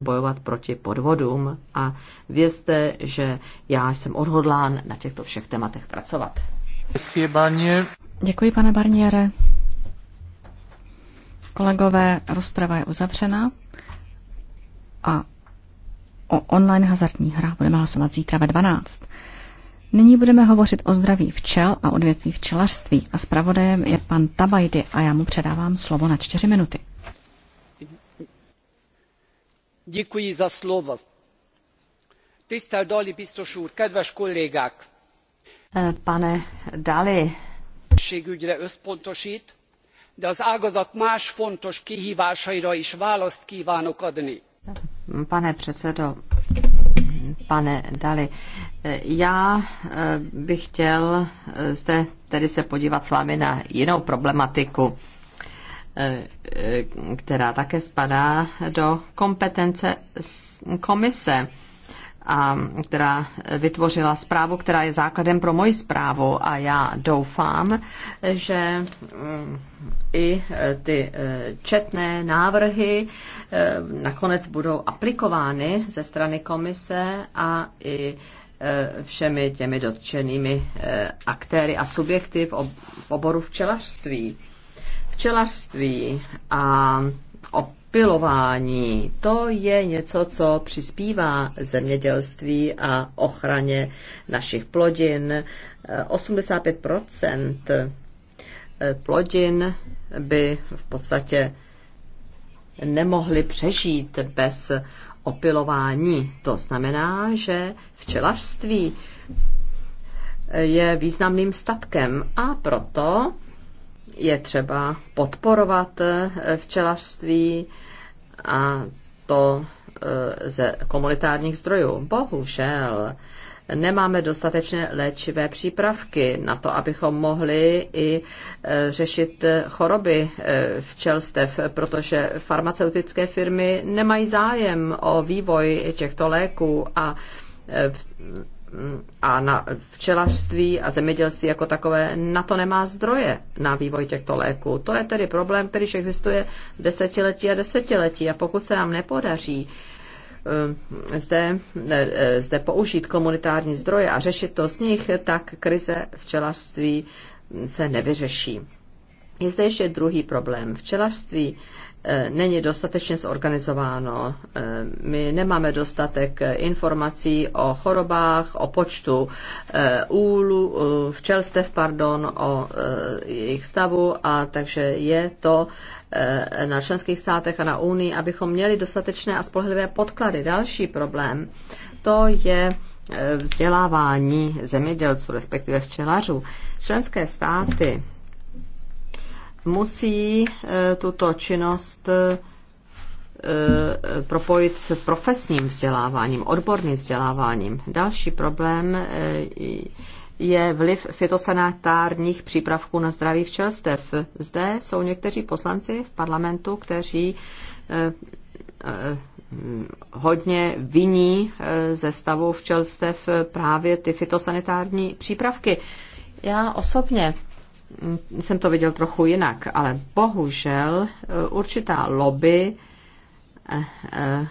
bojovat proti podvodům a vězte, že já jsem odhodlán na těchto všech tématech pracovat. Děkuji, pane Barniere. Kolegové, rozprava je uzavřena a o online hazardní hra budeme hlasovat zítra ve 12. Nyní budeme hovořit o zdraví včel a odvětví včelařství a zpravodajem je pan Tabajdy a já mu předávám slovo na čtyři minuty. Eh, pane dalli egészségügyre összpontost de az ágazat más fontos kihvásaira is választ kvánok adni. pane předsedo pane dalli eh, já eh, bych chtěl zde tedy se podívat s vámi na jinou problematiku Eh, která také spadá do kompetence komise a která vytvořila zprávu, která je základem pro moji zprávu a já doufám, že mm, i eh, ty eh, četné návrhy nakonec budou aplikovány ze strany komise a i všemi těmi dotčenými aktéry a subjekty v oboru včelařství. Včelařství a opilování, to je něco, co přispívá zemědělství a ochraně našich plodin. 85 eh, plodin by v podstatě nemohly přežít bez opilování. To znamená, že včelařství je významným statkem a proto je třeba podporovat eh, včelařství a to eh, ze komunitárních zdrojů. Bohužel nemáme dostatečné léčivé přípravky na to, abychom mohli i eh, řešit choroby včelstev, protože farmaceutické firmy nemají zájem o vývoj těchto léků a a na včelařství a zemědělství jako takové na to nemá zdroje na vývoj těchto léků. To je tedy problém, který existuje desetiletí a desetiletí. A pokud se nám nepodaří eh, zde, eh, zde použít komunitární zdroje a řešit to z nich, tak krize včelařství se nevyřeší. Je zde ještě druhý problém. Včelařství Eh, není dostatečně zorganizováno. Eh, my nemáme dostatek informací o chorobách, o počtu eh, úlu, včelstev, pardon, o jejich stavu a takže je to na členských státech a na Unii, abychom měli dostatečné a spolehlivé podklady. Další problém, to je vzdělávání zemědělců, respektive včelařů. Členské státy musí eh, tuto činnost eh, eh, propojit s profesním vzděláváním, odborným vzděláváním. Další problém je vliv fitosanitárních přípravků na zdraví včelstev. Zde jsou někteří poslanci v parlamentu, kteří hodně viní ze stavu včelstev právě ty fitosanitární přípravky. Já osobně Mm, jsem to viděl trochu jinak, ale bohužel eh, určitá lobby eh, eh,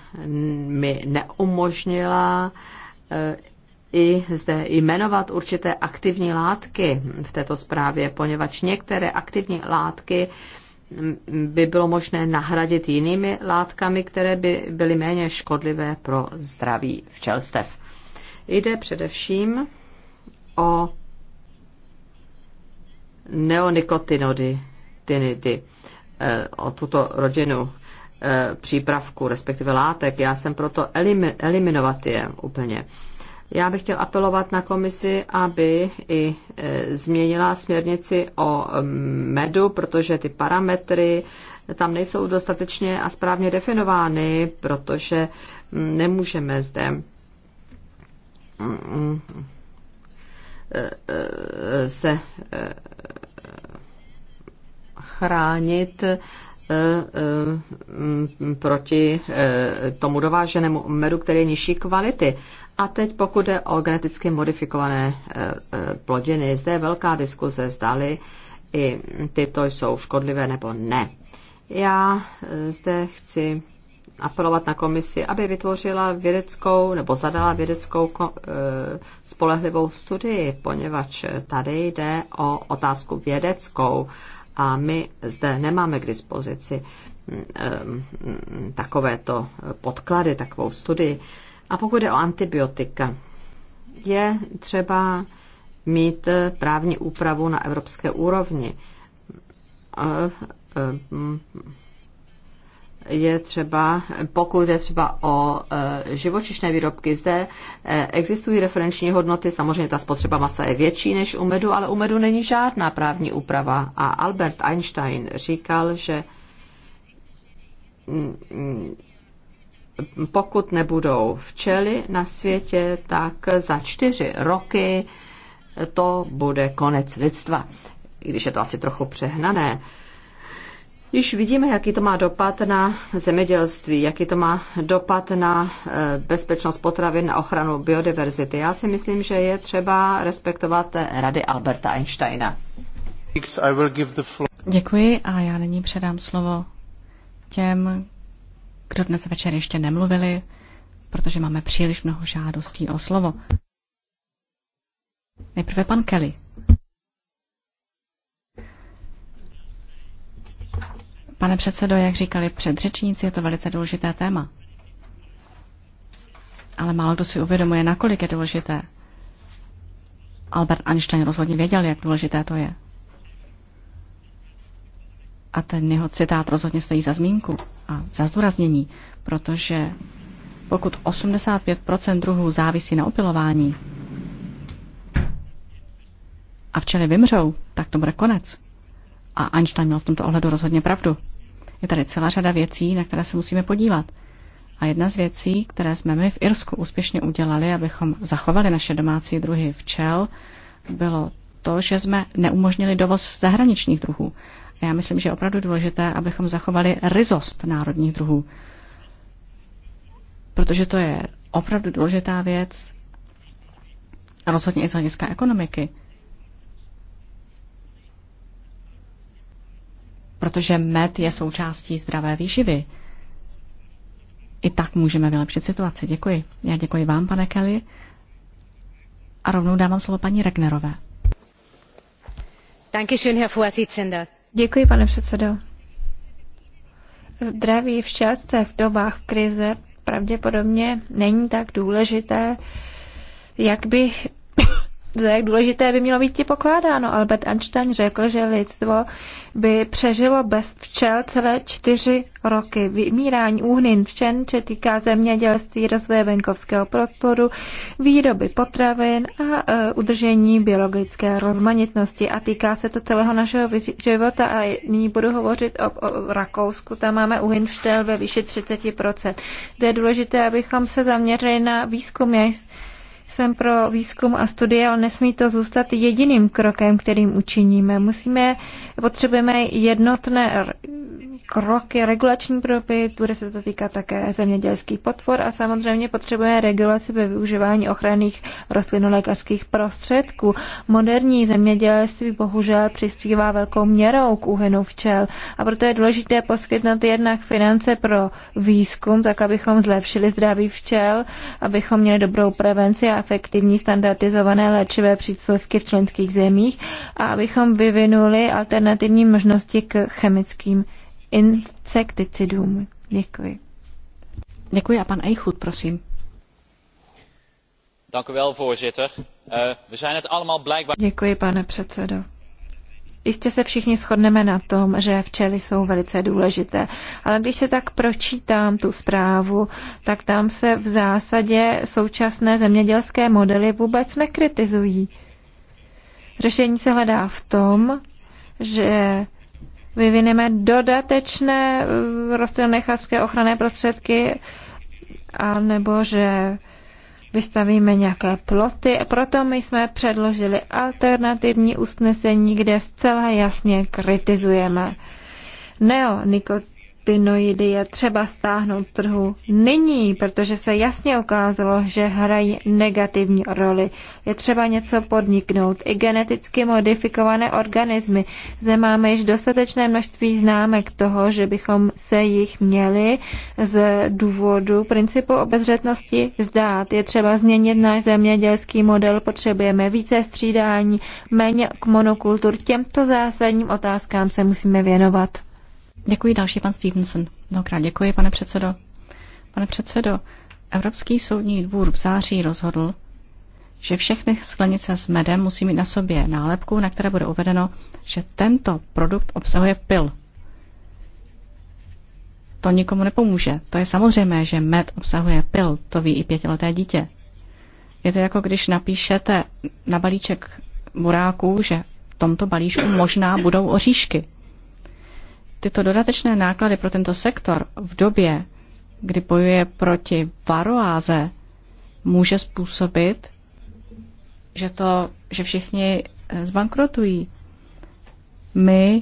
mi neumožnila i zde jmenovat určité aktivní látky v této zprávě, poněvadž některé aktivní látky mm, by bylo možné nahradit jinými látkami, které by byly méně škodlivé pro zdraví včelstev. Jde především o tinidy, eh, o tuto rodinu eh, přípravku, respektive látek. Já jsem proto eliminovat je úplně. Já bych chtěl apelovat na komisi, aby i eh, změnila směrnici o mm, medu, protože ty parametry tam nejsou dostatečně a správně definovány, protože mm, nemůžeme zde mm, se eh, chránit eh, eh, proti tomu dováženému medu, který je nižší kvality. A teď pokud jde o geneticky modifikované plodiny, zde je velká diskuze, zdali i tyto jsou škodlivé nebo ne. Já zde chci apelovat na komisi, aby vytvořila vědeckou nebo zadala vědeckou eh, spolehlivou studii, poněvadž tady jde o otázku vědeckou a my zde nemáme k dispozici mm, mm, takovéto podklady, takovou studii. A pokud je o antibiotika, je třeba mít právní úpravu na evropské úrovni eh, eh, mm, je třeba, pokud je třeba o e, živočišné výrobky, zde e, existují referenční hodnoty, samozřejmě ta spotřeba masa je větší než u medu, ale u medu není žádná právní úprava. A Albert Einstein říkal, že mm, pokud nebudou včely na světě, tak za čtyři roky to bude konec lidstva. I když je to asi trochu přehnané. Uh, Již vidíme, jaký to má dopad na zemědělství, jaký to má dopad na e, bezpečnost potravin, na ochranu biodiverzity. Já si myslím, že je třeba respektovat e, rady Alberta Einsteina. Děkuji a já nyní předám slovo těm, kdo dnes večer ještě nemluvili, protože máme příliš mnoho žádostí o slovo. Nejprve pan Kelly. Pane předsedo, jak říkali předřečníci, je to velice důležité téma. Ale málo kdo si uvědomuje, nakolik je důležité. Albert Einstein rozhodně věděl, jak důležité to je. A ten jeho citát rozhodně stojí za zmínku a za zdůraznění, protože pokud 85% druhů závisí na opilování a včely vymřou, tak to bude konec. A Einstein měl v tomto ohledu rozhodně pravdu. Je tady celá řada věcí, na které se musíme podívat. A jedna z věcí, které jsme my v Irsku úspěšně udělali, abychom zachovali naše domácí druhy včel, bylo to, že jsme neumožnili dovoz zahraničních druhů. A já myslím, že je opravdu důležité, abychom zachovali ryzost národních druhů. Protože to je opravdu důležitá věc, rozhodně i z hlediska ekonomiky. protože med je součástí zdravé výživy. I tak můžeme vylepšit situaci. Děkuji. Já děkuji vám, pane Kelly. A rovnou dávám slovo paní Regnerové. Děkuji, pane předsedo. Zdraví v čase v dobách krize pravděpodobně není tak důležité, jak by za jak důležité by mělo být ti pokládáno. Albert Einstein řekl, že lidstvo by přežilo bez včel celé čtyři roky. Vymírání úhnin včen če týká zemědělství, rozvoje venkovského prostoru, výroby potravin a e, udržení biologické rozmanitnosti. A týká se to celého našeho života. A nyní budu hovořit o, o Rakousku. Tam máme úhyn včel ve výši 30%. To je důležité, abychom se zaměřili na výzkum. Jak jsem pro výzkum a studie, ale nesmí to zůstat jediným krokem, kterým učiníme. Musíme, potřebujeme jednotné kroky, regulační propy, bude se to týkat také zemědělských potvor a samozřejmě potřebujeme regulaci ve využívání ochranných rostlinolékařských prostředků. Moderní zemědělství bohužel přispívá velkou měrou k úhynu včel a proto je důležité poskytnout jednak finance pro výzkum, tak abychom zlepšili zdraví včel, abychom měli dobrou prevenci efektivní standardizované léčivé příspěvky v členských zemích a abychom vyvinuli alternativní možnosti k chemickým insekticidům. Děkuji. Děkuji a pan Eichhut, prosím. Eh, Děkuji, pane předsedo. Jistě se všichni shodneme na tom, že včely jsou velice důležité. Ale když se tak pročítám tu zprávu, tak tam se v zásadě současné zemědělské modely vůbec nekritizují. Řešení se hledá v tom, že vyvineme dodatečné eh, rostlinonechařské ochranné prostředky, a nebo že vystavíme nějaké ploty. Proto my jsme předložili alternativní usnesení, kde zcela jasně kritizujeme neonikot neonikotinoidy je třeba stáhnout trhu nyní, protože se jasně ukázalo, že hrají negativní roli. Je třeba něco podniknout. I geneticky modifikované organismy. Zde máme již dostatečné množství známek toho, že bychom se jich měli z důvodu principu obezřetnosti vzdát. Je třeba změnit náš zemědělský model, potřebujeme více střídání, méně k monokultur. Těmto zásadním otázkám se musíme věnovat. Děkuji další pan Stevenson. Mnohokrát děkuji, pane předsedo. Pane předsedo, Evropský soudní dvůr v září rozhodl, že všechny sklenice s medem musí mít na sobě nálepku, na které bude uvedeno, že tento produkt obsahuje pil. To nikomu nepomůže. To je samozřejmé, že med obsahuje pil, to ví i pětileté dítě. Je to jako když napíšete na balíček buráků, že v tomto balíčku možná budou oříšky. Tyto dodatečné náklady pro tento sektor v době, kdy bojuje proti varoáze, může způsobit, že, to, že všichni eh, zbankrotují. My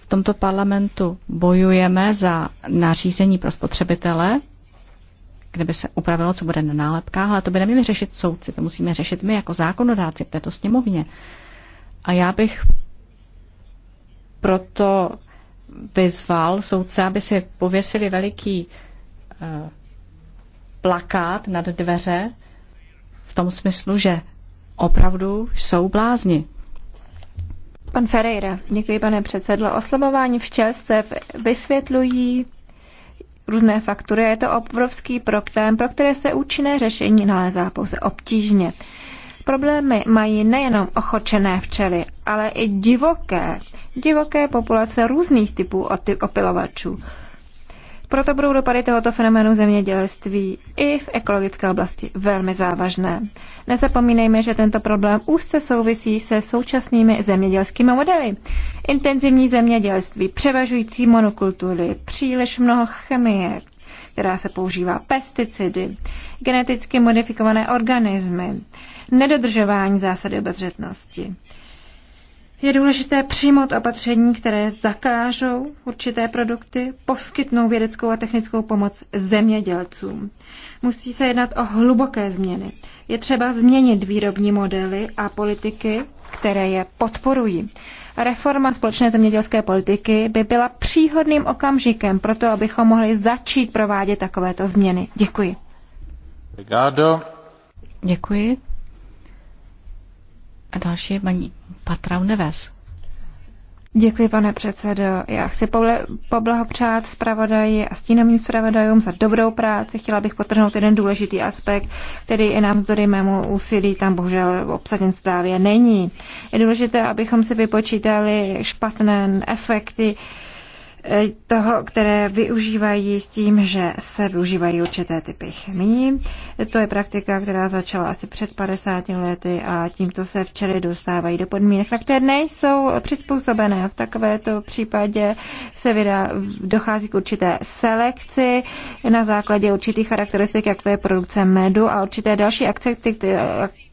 v tomto parlamentu bojujeme za nařízení pro spotřebitele, kde by se upravilo, co bude na nálepkách, ale to by neměli řešit soudci, to musíme řešit my jako zákonodáci v této sněmovně. A já bych proto vyzval soudce, aby si pověsili veliký eh, plakát nad dveře v tom smyslu, že opravdu jsou blázni. Pan Ferreira, děkuji pane předsedlo. Oslabování se vysvětlují různé faktury. Je to obrovský problém, pro které se účinné řešení nalézá pouze obtížně. Problémy mají nejenom ochočené včely, ale i divoké divoké populace různých typů opilovačů. Proto budou dopady tohoto fenoménu zemědělství i v ekologické oblasti velmi závažné. Nezapomínejme, že tento problém úzce souvisí se současnými zemědělskými modely. Intenzivní zemědělství, převažující monokultury, příliš mnoho chemie, která se používá, pesticidy, geneticky modifikované organismy, nedodržování zásady obezřetnosti. Je důležité přijmout opatření, které zakážou určité produkty, poskytnou vědeckou a technickou pomoc zemědělcům. Musí se jednat o hluboké změny. Je třeba změnit výrobní modely a politiky, které je podporují. Reforma společné zemědělské politiky by byla příhodným okamžikem pro to, abychom mohli začít provádět takovéto změny. Děkuji. Děkuji. A další je paní Patrau Neves. Děkuji, pane předsedo. Já chci poblahopřát zpravodaji a stínovým zpravodajům za dobrou práci. Chtěla bych potrhnout jeden důležitý aspekt, který i navzdory mému úsilí tam bohužel obsažen zprávě není. Je důležité, abychom si vypočítali špatné efekty, E, toho, které využívají s tím, že se využívají určité typy chemii. E, to je praktika, která začala asi před 50 lety a tímto se včely dostávají do podmínek, na které nejsou přizpůsobené. V takovéto případě se vydá, dochází k určité selekci na základě určitých charakteristik, jak to je produkce medu a určité další akce,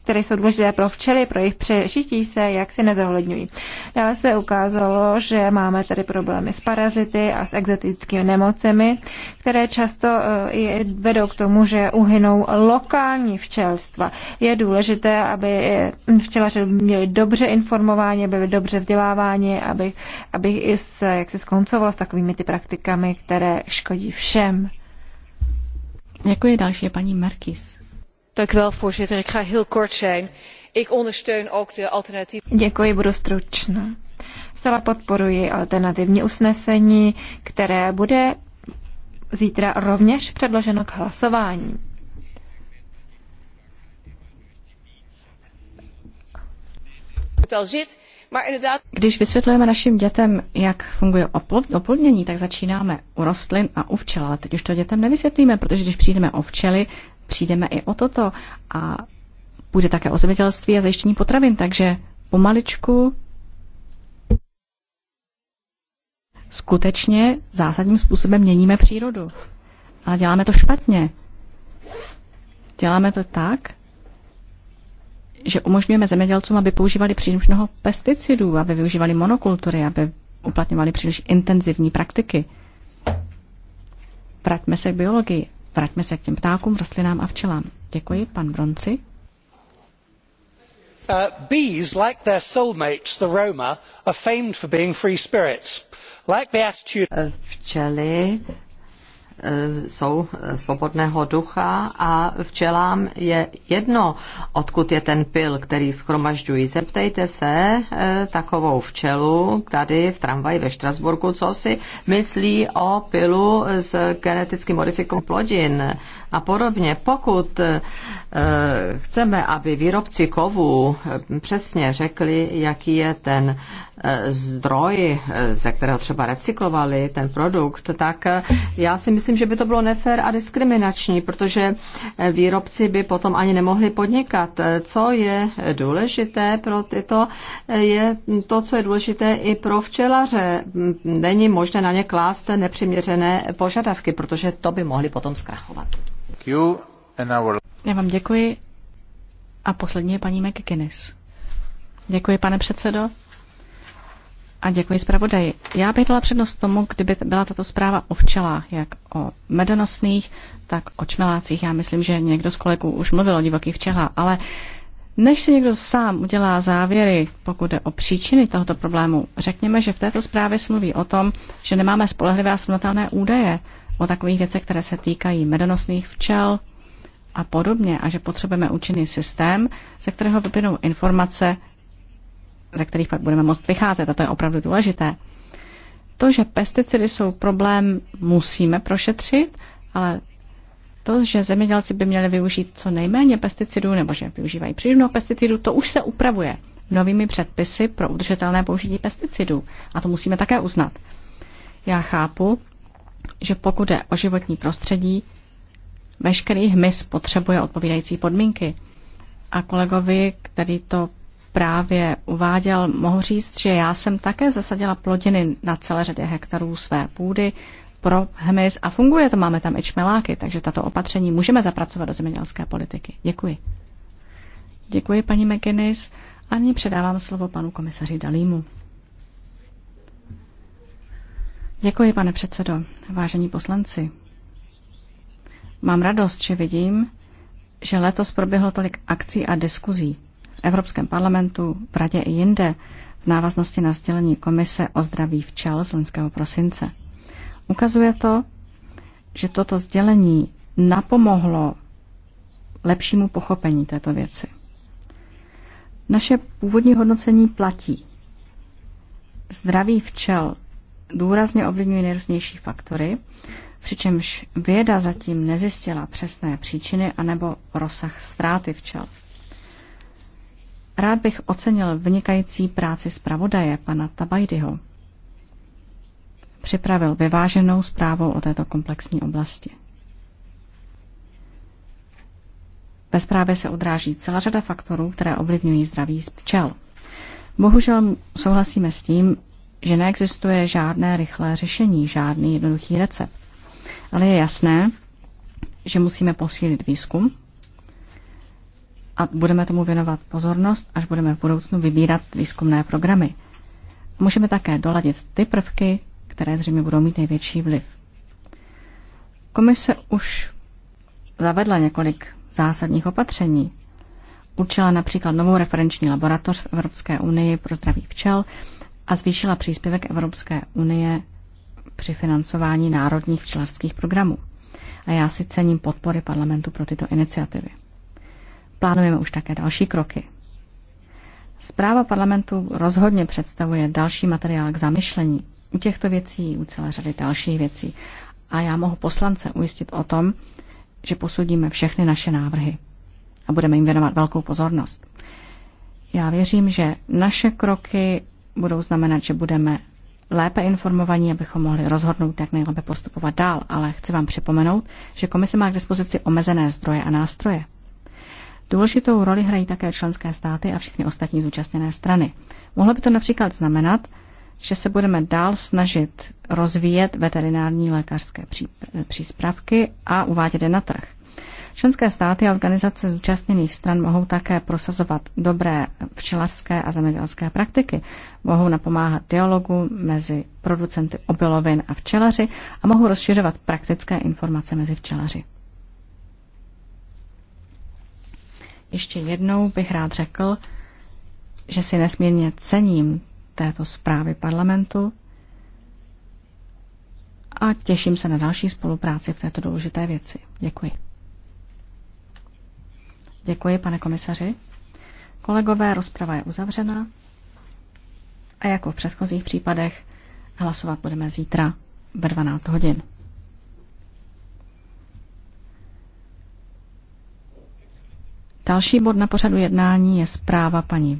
které jsou důležité pro včely, pro jejich přežití se jak si nezohledňují. Dále se ukázalo, že máme tady problémy s parazity a s exotickými nemocemi, které často eh, vedou k tomu, že uhynou lokální včelstva. Je důležité, aby eh, včelaři měli dobře informování, byli dobře vzděláváni, aby, aby i se, jak se skoncovalo s takovými ty praktikami, které škodí všem. Děkuji další, paní Merkis voorzitter ik ga heel kort zijn. ik ondersteun ook de alternatieve. děkuji budu stručná. zcela podporuji alternativní usnesení které bude zítra rovněž předloženo k hlasování. Když vysvětlujeme našim dětem, jak funguje oplodnění, tak začínáme u rostlin a u včel, ale teď už to dětem nevysvětlíme, protože když přijdeme o včely, přijdeme i o toto a bude také o zemědělství a zajištění potravin, takže pomaličku skutečně zásadním způsobem měníme přírodu. A děláme to špatně. Děláme to tak, že umožňujeme zemědělcům, aby používali příliš mnoho pesticidů, aby využívali monokultury, aby uplatňovali příliš intenzivní praktiky. Vraťme se k biologii vraťme se k těm ptákům, rostlinám a včelám. Děkuji, pan Bronci. Uh, bees, like their soulmates, the Roma, are famed for being free spirits. Like the attitude... Uh, včely Eh, jsou eh, svobodného ducha a včelám je jedno, odkud je ten pil, který schromažďují. Zeptejte se eh, takovou včelu tady v tramvaji ve Štrasburku, co si myslí o pilu s geneticky modifikou plodin a podobně. Pokud chceme, aby výrobci kovů přesně řekli, jaký je ten zdroj, ze kterého třeba recyklovali ten produkt, tak já si myslím, myslím, že by to bylo nefér a diskriminační, protože eh, výrobci by potom ani nemohli podnikat. Co je důležité pro tyto, eh, je to, co je důležité i pro včelaře. Mm, není možné na ně klást nepřiměřené požadavky, protože to by mohli potom zkrachovat. Já vám děkuji. A poslední je paní McKinnis. Děkuji, pane předsedo a děkuji zpravodaji. Já bych dala přednost tomu, kdyby byla tato zpráva o včelách, jak o medonosných, tak o čmelácích. Já myslím, že někdo z kolegů už mluvil o divokých včelách, ale než si někdo sám udělá závěry, pokud jde o příčiny tohoto problému, řekněme, že v této zprávě se mluví o tom, že nemáme spolehlivé a srovnatelné údaje o takových věcech, které se týkají medonosných včel a podobně, a že potřebujeme účinný systém, ze kterého vyplynou informace, ze kterých pak budeme moct vycházet, a to je opravdu důležité. To, že pesticidy jsou problém, musíme prošetřit, ale to, že zemědělci by měli využít co nejméně pesticidů nebo že využívají příliš mnoho pesticidů, to už se upravuje novými předpisy pro udržitelné použití pesticidů. A to musíme také uznat. Já chápu, že pokud je o životní prostředí, veškerý hmyz potřebuje odpovídající podmínky. A kolegovi, který to právě uváděl, mohu říct, že já jsem také zasadila plodiny na celé řadě hektarů své půdy pro hmyz a funguje to, máme tam i čmeláky, takže tato opatření můžeme zapracovat do zemědělské politiky. Děkuji. Děkuji paní McInnes a nyní předávám slovo panu komisaři Dalímu. Děkuji, pane předsedo. Vážení poslanci, mám radost, že vidím, že letos proběhlo tolik akcí a diskuzí. Evropském parlamentu, v Radě i jinde v návaznosti na sdělení Komise o zdraví včel z loňského prosince. Ukazuje to, že toto sdělení napomohlo lepšímu pochopení této věci. Naše původní hodnocení platí. Zdraví včel důrazně ovlivňují nejrůznější faktory, přičemž věda zatím nezjistila přesné příčiny anebo rozsah ztráty včel. Rád bych ocenil vynikající práci zpravodaje pana Tabajdyho. Připravil vyváženou zprávu o této komplexní oblasti. Ve zprávě se odráží celá řada faktorů, které ovlivňují zdraví včel. Bohužel souhlasíme s tím, že neexistuje žádné rychlé řešení, žádný jednoduchý recept. Ale je jasné, že musíme posílit výzkum, a budeme tomu věnovat pozornost, až budeme v budoucnu vybírat výzkumné programy. Můžeme také doladit ty prvky, které zřejmě budou mít největší vliv. Komise už zavedla několik zásadních opatření. Učila například novou referenční laboratoř v Evropské unii pro zdraví včel a zvýšila příspěvek Evropské unie při financování národních včelařských programů. A já si cením podpory parlamentu pro tyto iniciativy. Plánujeme už také další kroky. Zpráva parlamentu rozhodně představuje další materiál k zamyšlení u těchto věcí, u celé řady dalších věcí. A já mohu poslance ujistit o tom, že posudíme všechny naše návrhy a budeme jim věnovat velkou pozornost. Já věřím, že naše kroky budou znamenat, že budeme lépe informovaní, abychom mohli rozhodnout, jak nejlépe postupovat dál, ale chci vám připomenout, že komise má k dispozici omezené zdroje a nástroje. Důležitou roli hrají také členské státy a všechny ostatní zúčastněné strany. Mohlo by to například znamenat, že se budeme dál snažit rozvíjet veterinární lékařské příspravky a uvádět je na trh. Členské státy a organizace zúčastněných stran mohou také prosazovat dobré včelařské a zemědělské praktiky, mohou napomáhat dialogu mezi producenty obilovin a včelaři a mohou rozšiřovat praktické informace mezi včelaři. Ještě jednou bych rád řekl, že si nesmírně cením této zprávy parlamentu a těším se na další spolupráci v této důležité věci. Děkuji. Děkuji, pane komisaři. Kolegové, rozprava je uzavřena a jako v předchozích případech hlasovat budeme zítra ve 12 hodin. Další bod na pořadu jednání je zpráva paní